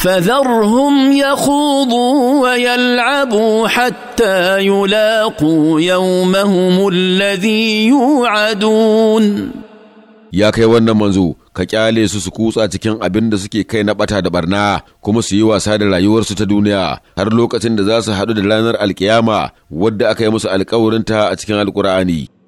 فذرهم يخوضوا ويلعبوا حتى يلاقوا يومهم الذي يوعدون يا كي وانا منزو كجالي سسكوس اتكين ابن دسكي كي نبتا دبرنا كمس يوا سادة لا يور ستدونيا هر لوك اتن حدود لانر القيامة ود اكي مس القورن تا القرآني